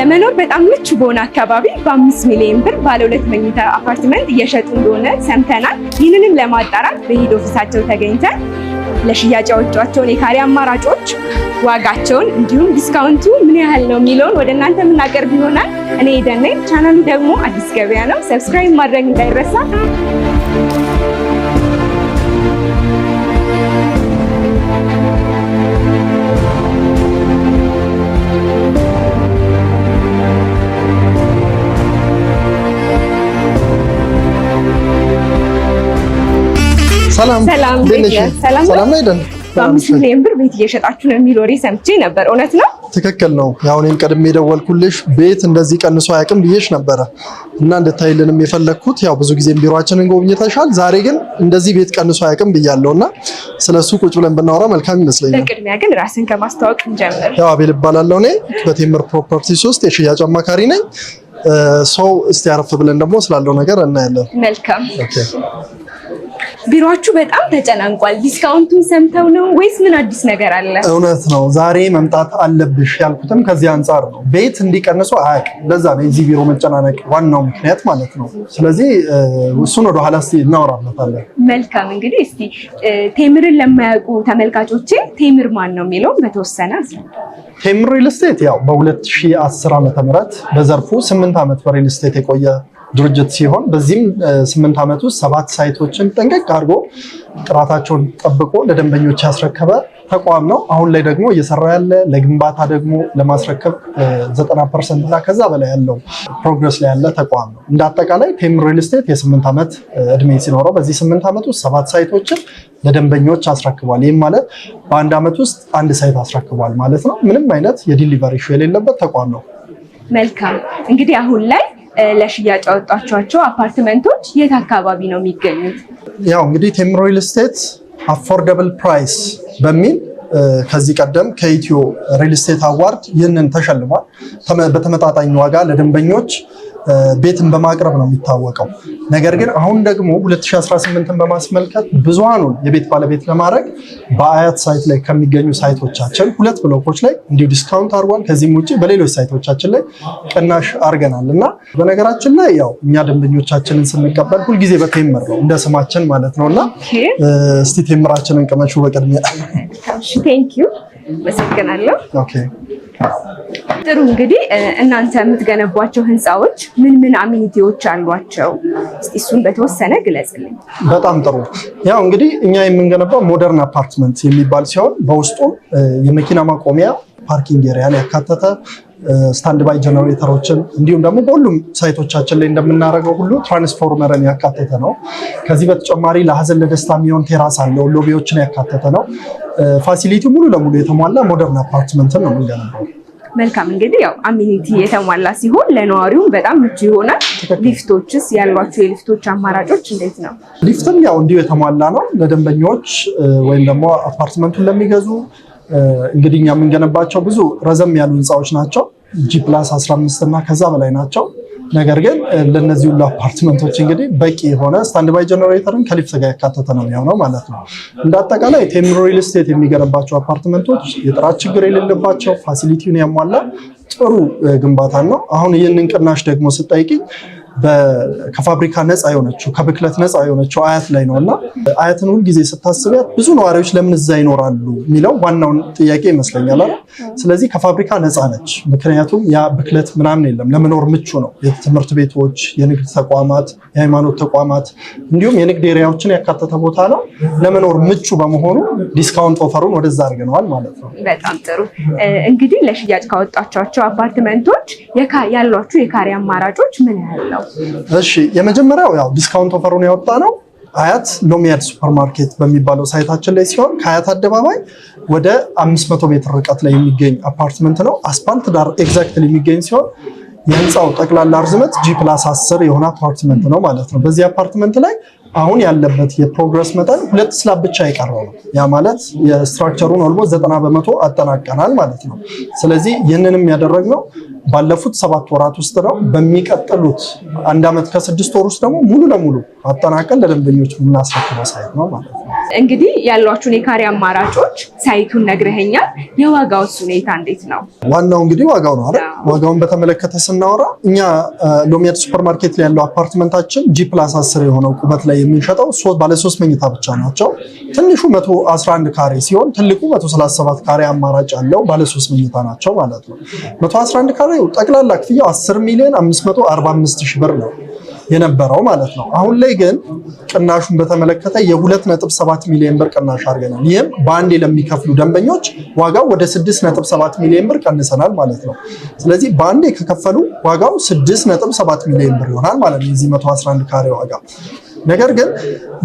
ለመኖር በጣም ምቹ በሆነ አካባቢ በአምስት ሚሊዮን ብር ባለ ሁለት መኝታ አፓርትመንት እየሸጡ እንደሆነ ሰምተናል። ይህንንም ለማጣራት በሄድ ኦፊሳቸው ተገኝተን ለሽያጭ ያወጧቸውን የካሬ አማራጮች ዋጋቸውን፣ እንዲሁም ዲስካውንቱ ምን ያህል ነው የሚለውን ወደ እናንተ የምናቀርብ ይሆናል። እኔ ደናይ፣ ቻናሉ ደግሞ አዲስ ገበያ ነው። ሰብስክራይብ ማድረግ እንዳይረሳ። ሰላም ሰላም ነው። በአምስት ሚሊዮን ብር ቤት እየሸጣችሁ ነው የሚል ወሬ ሰምቼ ነበር። እውነት ነው? ትክክል ነው። ያው እኔም ቀድሜ የደወልኩልሽ ቤት እንደዚህ ቀንሶ አያውቅም ብዬሽ ነበረ እና እንድታይልንም የፈለግኩት ያው ብዙ ጊዜም ቢሮአችንን ጎብኝተሻል። ዛሬ ግን እንደዚህ ቤት ቀንሶ አያውቅም ብያለሁ እና ስለሱ ቁጭ ብለን ብናወራ መልካም ይመስለኛል። በቅድሚያ ግን ራስን ከማስተዋወቅ እንጀምር። ያው አቤል እባላለሁ። እኔ በቴምር ፕሮፐርቲስ ውስጥ የሽያጭ አማካሪ ነኝ። ሰው እስቲ አረፍ ብለን ደግሞ ስላለው ነገር እናያለን። መልካም ቢሮችሁ በጣም ተጨናንቋል። ዲስካውንቱን ሰምተው ነው ወይስ ምን አዲስ ነገር አለ? እውነት ነው። ዛሬ መምጣት አለብሽ ያልኩትም ከዚህ አንጻር ነው። ቤት እንዲቀንሱ አያውቅም። ለዛ ነው የዚህ ቢሮ መጨናነቅ ዋናው ምክንያት ማለት ነው። ስለዚህ እሱን ወደ ኋላ እስኪ እናወራበታለን። መልካም እንግዲህ እስኪ ቴምርን ለማያውቁ ተመልካቾቼ ቴምር ማን ነው የሚለው በተወሰነ ቴምር ሪል ስቴት ያው በ2010 ዓ ም በዘርፉ ስምንት ዓመት በሪል ስቴት የቆየ ድርጅት ሲሆን በዚህም ስምንት ዓመት ውስጥ ሰባት ሳይቶችን ጠንቀቅ አድርጎ ጥራታቸውን ጠብቆ ለደንበኞች ያስረከበ ተቋም ነው። አሁን ላይ ደግሞ እየሰራ ያለ ለግንባታ ደግሞ ለማስረከብ ዘጠና ፐርሰንት እና ከዛ በላይ ያለው ፕሮግረስ ላይ ያለ ተቋም ነው። እንደ አጠቃላይ ቴም ሪል ስቴት የስምንት ዓመት እድሜ ሲኖረው በዚህ ስምንት ዓመት ውስጥ ሰባት ሳይቶችን ለደንበኞች አስረክቧል። ይህም ማለት በአንድ ዓመት ውስጥ አንድ ሳይት አስረክቧል ማለት ነው። ምንም አይነት የዲሊቨሪ ሹ የሌለበት ተቋም ነው። መልካም እንግዲህ አሁን ላይ ለሽያጭ ያወጣችኋቸው አፓርትመንቶች የት አካባቢ ነው የሚገኙት? ያው እንግዲህ ቴም ሪል ስቴት አፎርደብል ፕራይስ በሚል ከዚህ ቀደም ከኢትዮ ሪል ስቴት አዋርድ ይህንን ተሸልሟል። በተመጣጣኝ ዋጋ ለደንበኞች ቤትን በማቅረብ ነው የሚታወቀው። ነገር ግን አሁን ደግሞ 2018ን በማስመልከት ብዙሃኑን የቤት ባለቤት ለማድረግ በአያት ሳይት ላይ ከሚገኙ ሳይቶቻችን ሁለት ብሎኮች ላይ እንዲሁ ዲስካውንት አድርጓል። ከዚህም ውጭ በሌሎች ሳይቶቻችን ላይ ቅናሽ አድርገናል እና በነገራችን ላይ ያው እኛ ደንበኞቻችንን ስንቀበል ሁልጊዜ በቴምር ነው እንደ ስማችን ማለት ነው እና እስቲ ቴምራችንን ቅመሹ በቅድሚያ ጥሩ እንግዲህ እናንተ የምትገነቧቸው ህንፃዎች ምን ምን አሚኒቲዎች አሏቸው? እሱን በተወሰነ ግለጽልኝ። በጣም ጥሩ። ያው እንግዲህ እኛ የምንገነባው ሞደርን አፓርትመንት የሚባል ሲሆን በውስጡም የመኪና ማቆሚያ ፓርኪንግ ኤሪያን ያካተተ ስታንድ ባይ ጀነሬተሮችን እንዲሁም ደግሞ በሁሉም ሳይቶቻችን ላይ እንደምናደርገው ሁሉ ትራንስፎርመርን ያካተተ ነው። ከዚህ በተጨማሪ ለሀዘን ለደስታ የሚሆን ቴራስ አለው። ሎቢዎችን ያካተተ ነው። ፋሲሊቲ ሙሉ ለሙሉ የተሟላ ሞደርን አፓርትመንትን ነው የምንገነባው። መልካም እንግዲህ ያው አሚኒቲ የተሟላ ሲሆን ለነዋሪውም በጣም ምቹ ይሆናል። ሊፍቶችስ ያሏቸው የሊፍቶች አማራጮች እንዴት ነው? ሊፍትም ያው እንዲሁ የተሟላ ነው ለደንበኞች ወይም ደግሞ አፓርትመንቱን ለሚገዙ እንግዲህ እኛ የምንገነባቸው ብዙ ረዘም ያሉ ህንፃዎች ናቸው። ጂ ፕላስ 15 እና ከዛ በላይ ናቸው። ነገር ግን ለነዚህ ሁሉ አፓርትመንቶች እንግዲህ በቂ የሆነ ስታንድ ባይ ጀነሬተርን ከሊፍት ጋር ያካተተ ነው የሚሆነው ማለት ነው። እንዳጠቃላይ አጠቃላይ ቴምር ሪል ስቴት የሚገነባቸው አፓርትመንቶች የጥራት ችግር የሌለባቸው ፋሲሊቲውን ያሟላ ጥሩ ግንባታ ነው። አሁን ይህንን ቅናሽ ደግሞ ስጠይቅኝ ከፋብሪካ ነፃ የሆነችው ከብክለት ነፃ የሆነችው አያት ላይ ነው እና አያትን ሁልጊዜ ስታስቢያት ብዙ ነዋሪዎች ለምን እዛ ይኖራሉ የሚለው ዋናውን ጥያቄ ይመስለኛል። ስለዚህ ከፋብሪካ ነፃ ነች፣ ምክንያቱም ያ ብክለት ምናምን የለም፣ ለመኖር ምቹ ነው። የትምህርት ቤቶች፣ የንግድ ተቋማት፣ የሃይማኖት ተቋማት እንዲሁም የንግድ ኤሪያዎችን ያካተተ ቦታ ነው። ለመኖር ምቹ በመሆኑ ዲስካውንት ኦፈሩን ወደዛ አድርገነዋል ማለት ነው። በጣም ጥሩ እንግዲህ ለሽያጭ ካወጣቸቸው አፓርትመንቶች ያሏችሁ የካሬ አማራጮች ምን ያህል ነው? እሺ የመጀመሪያው ያው ዲስካውንት ኦፈሩን ያወጣ ነው አያት ሎሚያድ ሱፐርማርኬት በሚባለው ሳይታችን ላይ ሲሆን ከአያት አደባባይ ወደ 500 ሜትር ርቀት ላይ የሚገኝ አፓርትመንት ነው። አስፓልት ዳር ኤግዛክትሊ የሚገኝ ሲሆን የህንፃው ጠቅላላ እርዝመት ጂ ፕላስ 10 የሆነ አፓርትመንት ነው ማለት ነው። በዚህ አፓርትመንት ላይ አሁን ያለበት የፕሮግረስ መጠን ሁለት ስላብ ብቻ የቀረው ነው። ያ ማለት የስትራክቸሩን ኦልሞ ዘጠና በመቶ አጠናቀናል ማለት ነው። ስለዚህ ይህንንም ያደረግነው ባለፉት ሰባት ወራት ውስጥ ነው። በሚቀጥሉት አንድ ዓመት ከስድስት ወር ውስጥ ደግሞ ሙሉ ለሙሉ አጠናቀን ለደንበኞች የምናስረክበው ሳይት ነው ማለት ነው። እንግዲህ ያሏችሁን የካሬ አማራጮች ሳይቱን ነግረኸኛል። የዋጋውስ ሁኔታ እንዴት ነው? ዋናው እንግዲህ ዋጋው ነው አይደል? ዋጋውን በተመለከተ ስናወራ እኛ ሎሚያድ ሱፐር ማርኬት ላይ ያለው አፓርትመንታችን ጂ ፕላስ አስር የሆነው ቁመት ላይ የምንሸጠው ባለ መኝታ ብቻ ናቸው። ትንሹ 111 ካሬ ሲሆን ትልቁ 137 ካሬ አማራጭ ያለው ባለ መኝታ ናቸው ማለት ነው። 111 ካሬው ጠቅላላ ክፍያው 10 ሚሊዮን 545 ሺህ ብር ነው። የነበረው ማለት ነው። አሁን ላይ ግን ቅናሹን በተመለከተ የ2.7 ሚሊዮን ብር ቅናሽ አድርገናል። ይህም በአንዴ ለሚከፍሉ ደንበኞች ዋጋው ወደ 6.7 ሚሊዮን ብር ቀንሰናል ማለት ነው። ስለዚህ በአንዴ ከከፈሉ ዋጋው 6.7 ሚሊዮን ብር ይሆናል ማለት ነው የዚህ 111 ካሬ ዋጋ ነገር ግን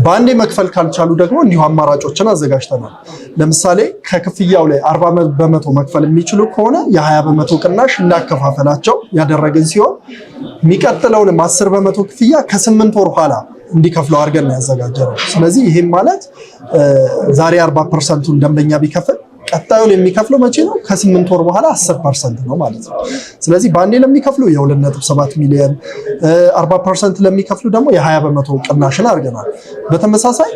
በአንዴ መክፈል ካልቻሉ ደግሞ እንዲሁ አማራጮችን አዘጋጅተናል። ለምሳሌ ከክፍያው ላይ 40 በመቶ መክፈል የሚችሉ ከሆነ የ20 በመቶ ቅናሽ እንዳከፋፈላቸው ያደረግን ሲሆን የሚቀጥለውንም አስር በመቶ ክፍያ ከስምንት ወር ኋላ እንዲከፍለው አድርገን ነው ያዘጋጀነው። ስለዚህ ይህም ማለት ዛሬ አርባ ፐርሰንቱን ደንበኛ ቢከፍል ቀጣዩን የሚከፍለው መቼ ነው? ከስምንት ወር በኋላ አስር ፐርሰንት ነው ማለት ነው። ስለዚህ በአንዴ ለሚከፍሉ የሁ ነጥብ ሰባት ሚሊዮን አርባ ፐርሰንት ለሚከፍሉ ደግሞ የሀያ በመቶ ቅናሽን አድርገናል። በተመሳሳይ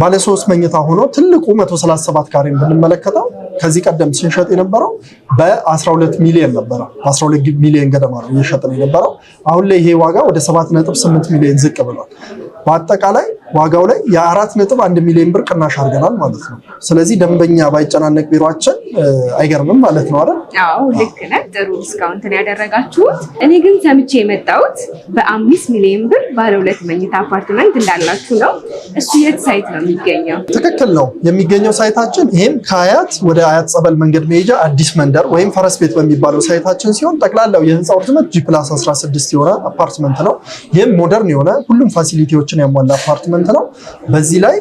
ባለሶስት መኝታ ሆኖ ትልቁ መቶ ሰባት ካሬን ብንመለከተው ከዚህ ቀደም ስንሸጥ የነበረው በ12 ሚሊዮን ነበረ። በ12 ሚሊዮን ገደማ ነው እየሸጥ ነው የነበረው። አሁን ላይ ይሄ ዋጋ ወደ 7.8 ሚሊዮን ዝቅ ብሏል። በአጠቃላይ ዋጋው ላይ የአራት ነጥብ አንድ ሚሊዮን ብር ቅናሽ አድርገናል ማለት ነው። ስለዚህ ደንበኛ ባይጨናነቅ ቢሯችን አይገርምም ማለት ነው አይደል? አዎ ልክ ነህ። ጥሩ ዲስካውንትን ያደረጋችሁት። እኔ ግን ሰምቼ የመጣሁት በአምስት ሚሊዮን ብር ባለ ሁለት መኝታ አፓርትመንት እንዳላችሁ ነው። እሱ የት ሳይት ነው የሚገኘው? ትክክል ነው የሚገኘው ሳይታችን ይህም ከአያት ወደ አያት ጸበል መንገድ መሄጃ አዲስ መንደር ወይም ፈረስ ቤት በሚባለው ሳይታችን ሲሆን ጠቅላላው የህንፃው ርዝመት ጂ ፕላስ 16 የሆነ አፓርትመንት ነው። ይህም ሞደርን የሆነ ሁሉም ፋሲሊቲዎችን ያሟላ አፓርትመንት ስምንት ነው። በዚህ ላይ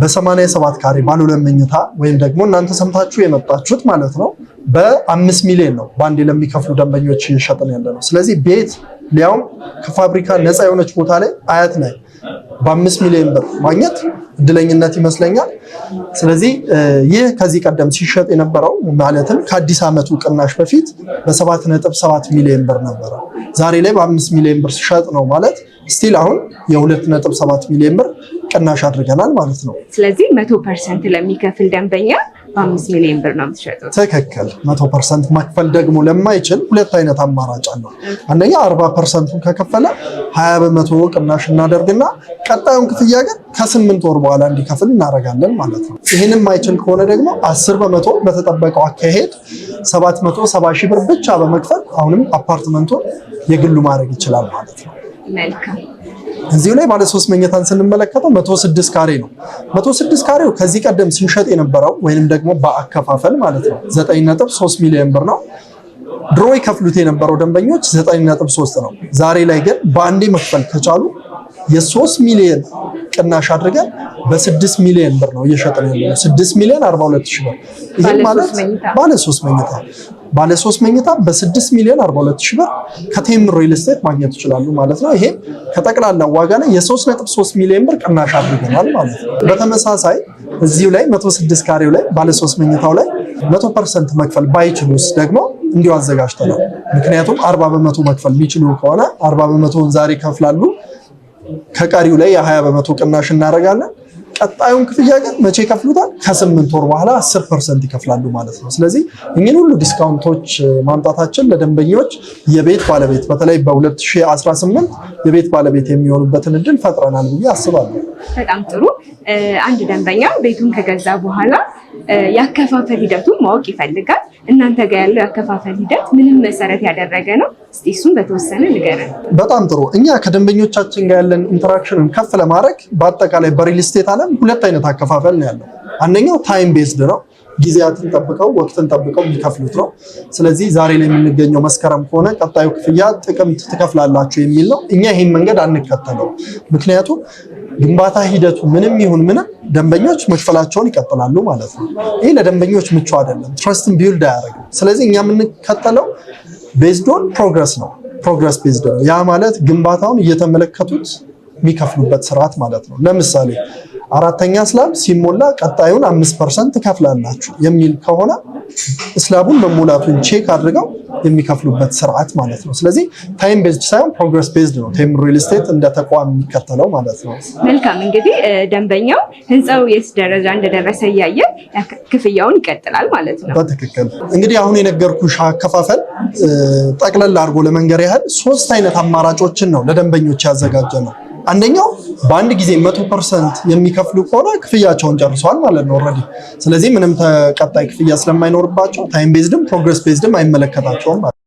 በሰማንያ ሰባት ካሬ ባለ መኝታ ወይም ደግሞ እናንተ ሰምታችሁ የመጣችሁት ማለት ነው በአምስት ሚሊዮን ነው በአንዴ ለሚከፍሉ ደንበኞች እየሸጥን ያለ ነው። ስለዚህ ቤት ሊያውም ከፋብሪካ ነፃ የሆነች ቦታ ላይ አያት ላይ በአምስት ሚሊዮን ብር ማግኘት እድለኝነት ይመስለኛል። ስለዚህ ይህ ከዚህ ቀደም ሲሸጥ የነበረው ማለትም ከአዲስ ዓመቱ ቅናሽ በፊት በሰባት ነጥብ ሚሊዮን ብር ነበረ። ዛሬ ላይ በአምስት ሚሊዮን ብር ሲሸጥ ነው ማለት ስቲል አሁን የሁለት ነጥብ ሰባት ሚሊዮን ብር ቅናሽ አድርገናል ማለት ነው። ስለዚህ መቶ ፐርሰንት ለሚከፍል ደንበኛ በአምስት ሚሊዮን ብር ነው የምትሸጡት። ትክክል። መቶ ፐርሰንት መክፈል ደግሞ ለማይችል ሁለት አይነት አማራጭ አለው። አንደኛ አርባ ፐርሰንቱን ከከፈለ ሀያ በመቶ ቅናሽ እናደርግና ቀጣዩን ክፍያ ግን ከስምንት ወር በኋላ እንዲከፍል እናደርጋለን ማለት ነው። ይህንም ማይችል ከሆነ ደግሞ አስር በመቶ በተጠበቀው አካሄድ ሰባት መቶ ሰባ ሺህ ብር ብቻ በመክፈል አሁንም አፓርትመንቱን የግሉ ማድረግ ይችላል ማለት ነው። መልካም እዚሁ ላይ ባለ ሶስት መኝታን ስንመለከተው መቶ ስድስት ካሬ ነው። መቶ ስድስት ካሬው ከዚህ ቀደም ሲሸጥ የነበረው ወይንም ደግሞ በአከፋፈል ማለት ነው ዘጠኝ ነጥብ ሶስት ሚሊዮን ብር ነው። ድሮ ይከፍሉት የነበረው ደንበኞች ዘጠኝ ነጥብ ሶስት ነው። ዛሬ ላይ ግን በአንዴ መክፈል ከቻሉ የሶስት ሚሊዮን ቅናሽ አድርገን በስድስት ሚሊዮን ብር ነው እየሸጠ ነው ያለው። ስድስት ሚሊዮን አርባ ሁለት ሺህ ብር። ይህ ማለት ባለ ሶስት መኝታ ባለ ሶስት መኝታ በስድስት ሚሊዮን አርባ ሁለት ሺህ ብር ከቴም ሪል ስቴት ማግኘት ይችላሉ ማለት ነው። ይሄ ከጠቅላላው ዋጋ ላይ የሶስት ነጥብ ሶስት ሚሊዮን ብር ቅናሽ አድርገናል ማለት ነው። በተመሳሳይ እዚሁ ላይ መቶ ስድስት ካሬው ላይ ባለ ሶስት መኝታው ላይ መቶ ፐርሰንት መክፈል ባይችሉስ ደግሞ እንዲሁ አዘጋጅተናል። ምክንያቱም አርባ በመቶ መክፈል የሚችሉ ከሆነ አርባ በመቶውን ዛሬ ይከፍላሉ። ከቀሪው ላይ የሀያ በመቶ ቅናሽ እናደርጋለን። ቀጣዩን ክፍያ ግን መቼ ይከፍሉታል? ከስምንት ወር በኋላ አስር ፐርሰንት ይከፍላሉ ማለት ነው። ስለዚህ እኚህን ሁሉ ዲስካውንቶች ማምጣታችን ለደንበኞች የቤት ባለቤት በተለይ በ2018 የቤት ባለቤት የሚሆኑበትን እድል ፈጥረናል ብዬ አስባለሁ። በጣም ጥሩ። አንድ ደንበኛ ቤቱን ከገዛ በኋላ የአከፋፈል ሂደቱን ማወቅ ይፈልጋል። እናንተ ጋር ያለው የአከፋፈል ሂደት ምንም መሰረት ያደረገ ነው? እስኪ እሱን በተወሰነ ንገረን። በጣም ጥሩ። እኛ ከደንበኞቻችን ጋር ያለን ኢንተራክሽንን ከፍ ለማድረግ በአጠቃላይ በሪል ስቴት አለ ሲባል ሁለት አይነት አከፋፈል ነው ያለው። አንደኛው ታይም ቤዝድ ነው፣ ጊዜያትን ጠብቀው ወቅትን ጠብቀው የሚከፍሉት ነው። ስለዚህ ዛሬ ላይ የምንገኘው መስከረም ከሆነ ቀጣዩ ክፍያ ጥቅምት ትከፍላላችሁ የሚል ነው። እኛ ይህን መንገድ አንከተለው። ምክንያቱም ግንባታ ሂደቱ ምንም ይሁን ምንም ደንበኞች መክፈላቸውን ይቀጥላሉ ማለት ነው። ይህ ለደንበኞች ምቹ አይደለም፣ ትረስትን ቢውልድ አያደርግም። ስለዚህ እኛ የምንከተለው ቤዝዶን ፕሮግረስ ነው፣ ፕሮግረስ ቤዝድ ነው። ያ ማለት ግንባታውን እየተመለከቱት የሚከፍሉበት ስርዓት ማለት ነው። ለምሳሌ አራተኛ ስላብ ሲሞላ ቀጣዩን አምስት ፐርሰንት ትከፍላላችሁ የሚል ከሆነ ስላቡን መሙላቱን ቼክ አድርገው የሚከፍሉበት ስርዓት ማለት ነው። ስለዚህ ታይም ቤዝድ ሳይሆን ፕሮግረስ ቤዝድ ነው ቴም ሪል ስቴት እንደ ተቋም የሚከተለው ማለት ነው። መልካም እንግዲህ ደንበኛው ህንፃው የት ደረጃ እንደደረሰ እያየ ክፍያውን ይቀጥላል ማለት ነው። በትክክል እንግዲህ አሁን የነገርኩሽ አከፋፈል ጠቅለል አድርጎ ለመንገር ያህል ሶስት አይነት አማራጮችን ነው ለደንበኞች ያዘጋጀ ነው። አንደኛው በአንድ ጊዜ መቶ ፐርሰንት የሚከፍሉ ከሆነ ክፍያቸውን ጨርሰዋል ማለት ነው ኦልሬዲ። ስለዚህ ምንም ተቀጣይ ክፍያ ስለማይኖርባቸው ታይም ቤዝድም ፕሮግረስ ቤዝድም አይመለከታቸውም ማለት ነው።